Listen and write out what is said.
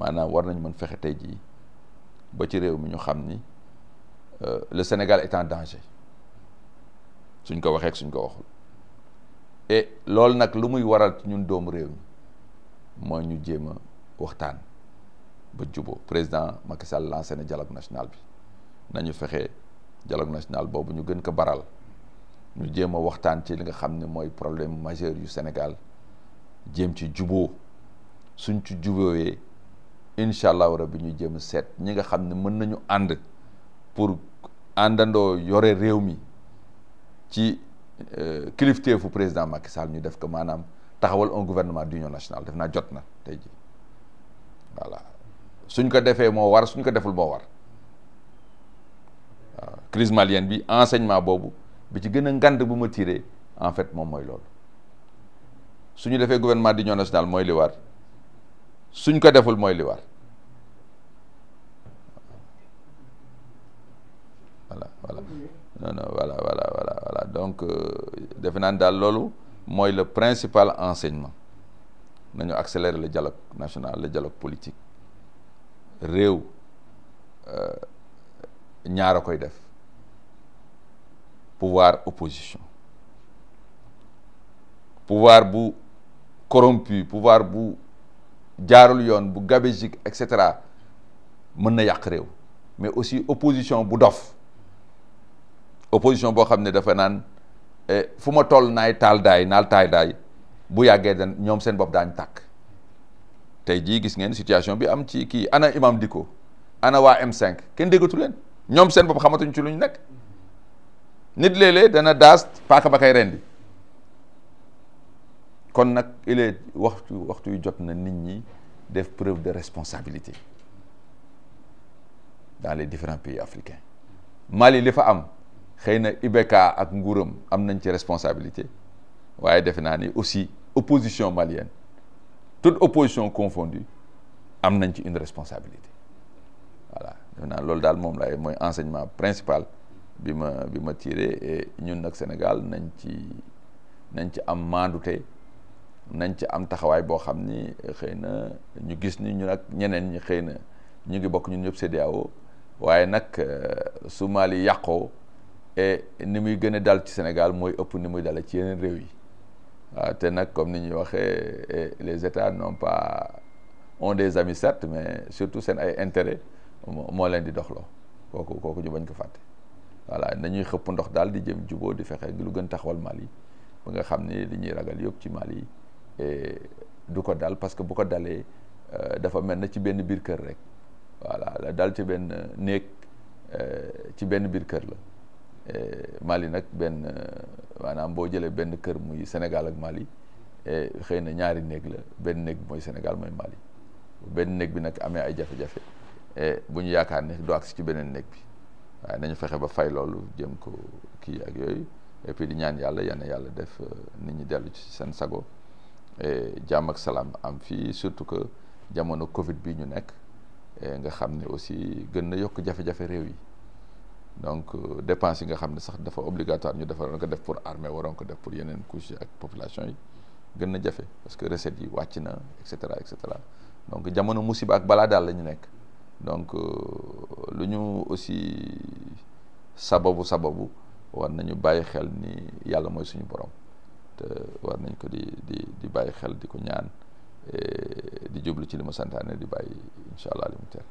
maanaam war nañu mën fexe tey jii ba ci réew mi ñu xam ni euh, le Sénégal est en danger suñ ko waxee suñ ko waxul et loolu nag lu muy waral ci ñun doomu réew mi mooy ñu jéem a waxtaan ba juboo président Macky Sall lancé na dialogue national bi nañu fexe dialogue national boobu ñu gën ko baral ñu jéem a waxtaan ci li nga xam ne mooy problème majeur yu Sénégal jéem ci juboo suñ ci jubooyee incha allahu rabbi ñu jëm seet ñi nga xam ne mën nañu ànd pour àndandoo yore réew mi ci euh, fu président Macky Sall ñu def ko maanaam taxawal un gouvernement d'union nationale def naa jot na tey ji voilà suñ ko defee moo war suñ ko deful moo war waaw crise malienne bi enseignement boobu bi ci gën a ngand bu ma tiré en fait moom mooy loolu suñu defee gouvernement d'union nationale mooy li war suñ ko deful mooy li war non non voilà voilà voilà voilà donc euh, defe naa ne daal loolu mooy le principal enseignement nañu accélérer le dialogue national le dialogue politique réew euh, ñaar a koy def pouvoir opposition pouvoir bu corrompu pouvoir bu jaarul yoon bu gabégique et cetera mën na yàq réew mais aussi opposition bu dof opposition boo xam ne dafa naan eh, fu ma toll naay taal daay naal taay daay bu yàggee dan ñoom seen bopp daan tàkk tey jii gis ngeen situation bi am ci kii ana imam Dicko ana waa M5 kenn déggatu leen ñoom seen bopp xamatuñ ci luñ nekk nit léeg-léeg dana daas paaka ba kay rendi kon nag il waxtu waxtu yu jot na nit ñi def preuve de responsabilité dans les différent pays africains Mali li fa am xëy na IBK ak nguuram am nañ ci responsabilité waaye defe naa ni aussi opposition malien toute opposition confondue am nañ ci une responsabilité voilà defe naa loolu daal moom lay mooy enseignement principal bi ma bi ma tiré ñun nag Sénégal nañ ci nañ ci am maandute nañ ci am taxawaay boo xam ni xëy na ñu gis ni ñu nag ñeneen ñi xëy na ñu ngi bokk ñun ñëpp CEDEAO waaye nag euh, su Mali yàqoo ni muy gën a dal ci Sénégal mooy ëpp ni muy dale ci yeneen réew yi waaw te nag comme ni ñuy waxee les états n'ont pas ont des amis certes mais surtout seen ay intérêt moo leen di doxloo kooku kooku ñu bañ ko fàtte voilà nañuy xëpp ndox daal di jëm juboo di fexee lu gën taxawal Mali ba nga xam ni li ñuy ragal yëpp ci Mali et du ko dal parce que bu ko dalee euh, dafa mel na ci benn biir kër rek voilà la dal ci benn néeg euh, ci benn biir kër la Eh, Mali nag benn eh, maanaam boo jëlee benn kër muy Sénégal ak Mali eh, xëy na ñaari néeg la benn néeg mooy Sénégal mooy Mali benn néeg bi nag amee ay jafe-jafe bu ñu yaakaar ne du agsi ci beneen néeg bi waaye nañu fexe ba fay loolu jëm ko kii ak yooyu et di ñaan yàlla yal na yàlla def nit ñi dellu ci seen sago jàmm ak salaam am fii surtout que jamono Covid bi ñu nekk nga xam ne aussi gën na yokk jafe-jafe réew yi. donc euh, dépense yi nga xam ne sax dafa obligatoire ñu defaroon ko def pour armée waroon ko def pour yeneen couche ak population yi gën na jafe parce que recettes yi wàcc na et cetera cetera donc jamono musiba ak balaa daal la ñu nekk donc euh, lu ñu aussi sababu sababu war nañu bàyyi xel ni yàlla mooy suñu borom te war nañ ko di di di bàyyi xel di ko ñaan di jublu ci li ma santaane di bàyyi incha allah li mu teel